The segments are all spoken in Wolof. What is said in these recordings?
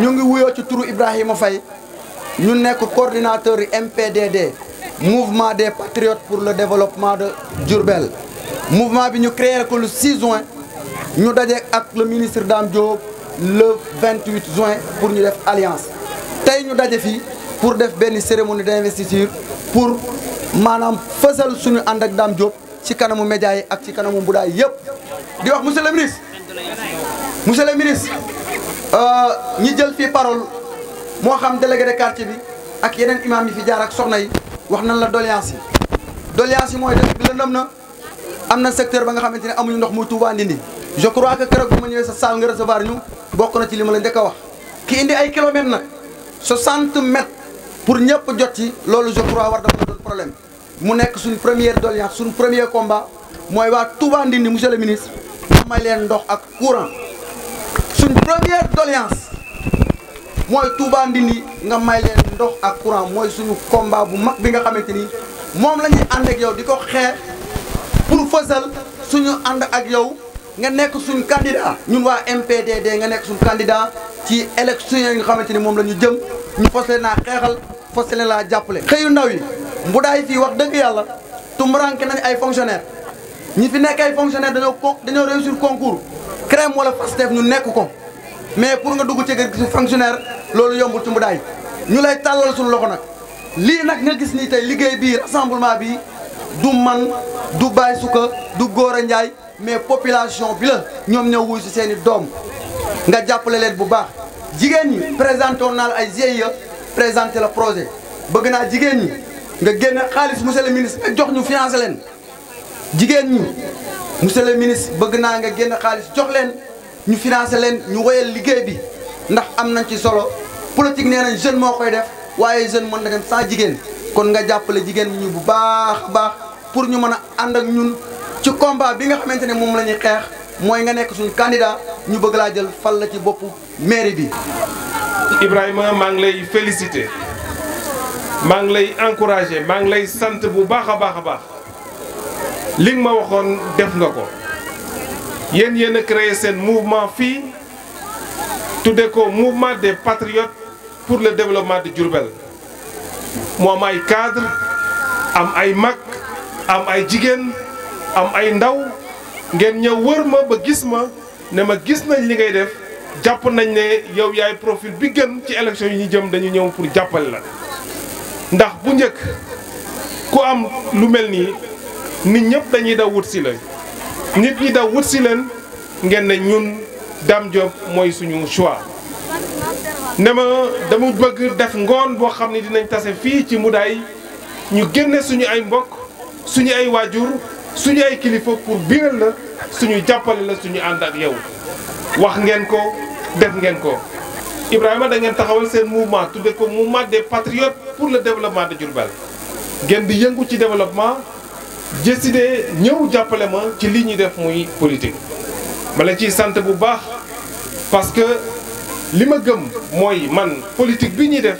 ñu ngi wuyoo ci turu Ibrahima fay ñu nekk coordinateur MPDD mouvement des patriotes pour le développement de Diourbel mouvement bi ñu créé ko le 6 juin ñu daje ak le ministre Dame Diop le 28 juin pour ñu def alliance tey ñu daje fi pour def benn cérémonie d'investiture pour maanaam fësal suñu ànd ak Dame Diop ci kanamu média yi ak ci kanamu mbudaay yëpp di wax monsieur ministre Euh, ñi jël fii parole moo xam délégué de quartier bi ak yeneen imam yi fi jaar ak soxna yi wax nañ la doléance yi doléance yi mooy def bi lëndëm na am na secteur ba nga xamante ne amuñu ndox muy Touba Ndindi je crois que keroog bu ma ñëwee sa salle nga recevoir ñu bokk na ci li ma la njëkk a wax ki indi ay kilomètres nag 60 mètres pour ñëpp jot ci loolu je crois war dafa doon problème mu nekk suñu première doléance suñu premier combat mooy waa Touba Ndindi monsieur le ministre may leen ndox ak courant suñ première doléance mooy Touba Ndindi nga may leen ndox ak courant mooy suñu combat bu mag bi nga xamante ni moom la ñuy ànd ak yow di ko xeex pour fësal suñu ànd ak yow nga nekk suñ candidat ñun waa MPDD nga nekk suñ candidat ci élection yi nga xamante ni moom la ñu jëm ñu fas naa xeexal fas leen laa jàppale xëyu ndaw yi mbudaay fii wax dëgg yàlla tumbaranke nañ ay fonctionnaire ñi fi nekk ay fonctionnaire dañoo dañoo réussir concours crème wala Pastef ñu nekk ko mais pour nga dugg ci gis fonctionnaire loolu yombul ci mbudaay ñu lay tàllal suñu loxo nag lii nag nga gis nii tey liggéey bii rassemblement bi du man du Baye Souka du Gora Ndiaye mais population bi la ñoom ñoo wuy si seen i doom nga jàppale leen bu baax jigéen ñi présenté woon naa ay GIE présenté la projet bëgg naa jigéen ñi nga génne xaalis monsieur le ministre nga jox ñu financé leen jigéen ñi monsieur le ministre bëgg naa nga génn xaalis jox leen ñu financé leen ñu woyal liggéey bi ndax am nañ ci solo politique nee nañ jeune moo koy def waaye jeune mën na dem sans jigéen kon nga jàppale jigéen ñi bu baax baax pour ñu mën a ànd ak ñun ci combat bi nga xamante ne moom la ñuy xeex mooy nga nekk suñu candidat ñu bëgg laa jël fal la ci boppu mairie bi. Ibrahima maa ngi lay félicité maa ngi lay encouragé maa ngi lay sant bu baax a baax a baax. li nga ma waxoon def nga ko yéen yéen a seen mouvement fii tudde ko mouvement des patriotes pour le développement de Diourbel mu am ay cadre am ay mag am ay jigéen am ay ndaw ngeen ñëw wër ma ba gis ma ne ma gis nañ li ngay def jàpp nañ ne yow yaay profil bi gën ci élection yi ñu jëm dañu ñëw pour jàppale la ndax bu njëkk ku am lu mel nii nit ñëpp dañuy daw wut si la nit ñi daw wut si leen ngeen ne ñun Dame Diop mooy suñu choix ne ma dama bëgg def ngoon boo xam ne dinañ tase fii ci Mbudaay ñu génne suñu ay mbokk suñu ay waajur suñu ay kilifa pour biral la suñu jàppale la suñu ànd ak yow wax ngeen ko def ngeen ko Ibrahima da ngeen taxawal seen mouvement tudde ko mouvement des patriotes pour le développement de Diourbel ngeen di yëngu ci développement jë si décidé ñëw jàppale ma ci li ñuy def muy politique ma la ciy sant bu baax parce que li ma gëm mooy man politique bi ñuy def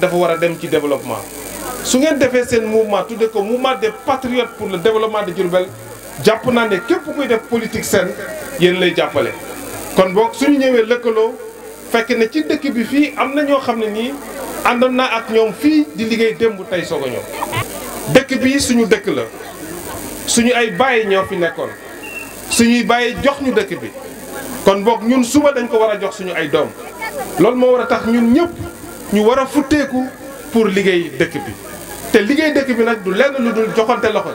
dafa war a dem ci développement su ngeen defee seen mouvement tudde ko mouvement des patriotes pour le développement de Diourbel jàpp naa ne képp kuy def politique seen yéen lay jàppale kon boog suñu ñëwee lëkkaloo fekk ne ci dëkk bi fii am na ñoo xam ne nii àndoon naa ak ñoom fii di liggéey démb tey soog a dëkk bii suñu dëkk la suñu ay bàyyi ñoo fi nekkoon suñuy bàyyi jox ñu dëkk bi kon boog ñun suba dañ ko war a jox suñu ay doom loolu moo war a tax ñun ñëpp ñu war a futteeku pour liggéey dëkk bi te liggéey dëkk bi nag du lenn lu dul joxante loxo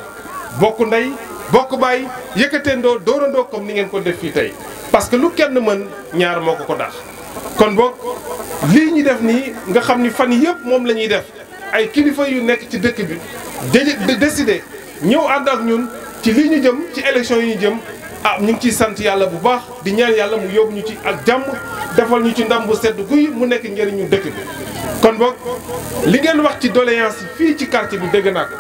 bokk ndey bokk bàyyi yëkkateendoo dóorandoo comme ni ngeen ko def fii tey parce que lu kenn mën ñaar moo ko ko dax kon boog lii ñu def nii nga xam ni fan yëpp moom la ñuy def ay kilifa yu nekk ci dëkk bi décidé ñëw ànd ak ñun ci li ñu jëm ci élection yi ñu jëm ah ñu ngi ciy sant yàlla bu baax di ñaar yàlla mu yóbbu ñu ci ak jàmm defal ñu ci ndam bu sedd guy mu nekk njëriñu dëkk bi. kon boog li ngeen wax ci doléance yi fii ci quartier bi dégg naa ko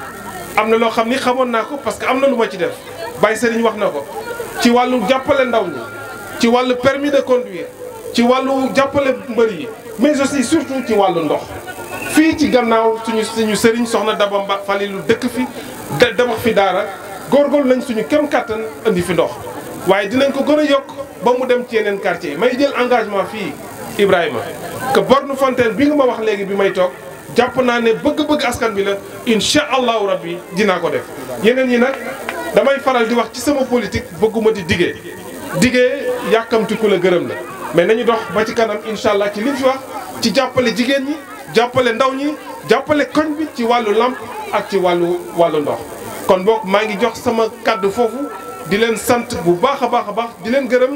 am na loo xam ni xamoon naa ko parce que am na lu ma ci def Baye Serigne wax na ko ci wàllu jàppale ndaw ñi ci wàllu permis de conduire ci wàllu jàppale mbër yi mais aussi surtout ci wàllu ndox. fii ci gannaaw suñu suñu sëriñ soxna Daba Mbacké Falilou dëkk fi de demax fi daara góorgóorlu nañ suñu kem kàttan indi fi ndox waaye dinañ ko gën a yokk ba mu dem ci yeneen quartier may jël engagement fii Ibrahima que borne fontaine bi nga ma wax léegi bi may toog jàpp naa ne bëgg-bëgg askan bi la incha allahu rabbi dinaa ko def yeneen yi nag damay faral di wax ci sama politique bëgguma di digee digee yàkkamti ku la gërëm la mais nañu dox ba ci kanam incha ci jigéen ñi jàppale ndaw ñi jàppale koñ bi ci wàllu làmp ak ci wàllu wàllu ndox kon boog maa ngi jox sama kàddu foofu di leen sant bu baax a baax a baax di leen gërëm.